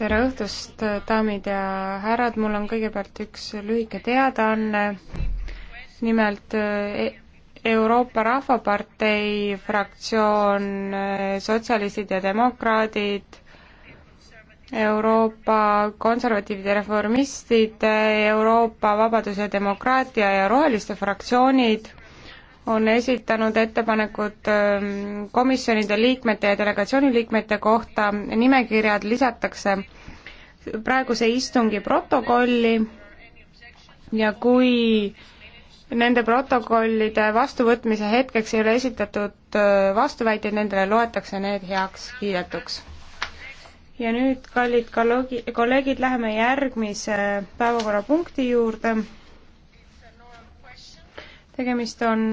tere õhtust, daamid ja härrad, mul on kõigepealt üks lühike teadaanne. nimelt e-, Euroopa Rahvapartei fraktsioon, sotsialistid ja demokraadid, Euroopa konservatiivid ja reformistid, Euroopa Vabadus ja demokraatia ja roheliste fraktsioonid on esitanud ettepanekud ähm, komisjonide liikmete ja delegatsiooni liikmete kohta, nimekirjad lisatakse praeguse istungi protokolli ja kui nende protokollide vastuvõtmise hetkeks ei ole esitatud äh, vastuväiteid, nendele loetakse need heaks kiidetuks. ja nüüd, kallid kolleegi-, kolleegid, läheme järgmise päevakorrapunkti juurde. tegemist on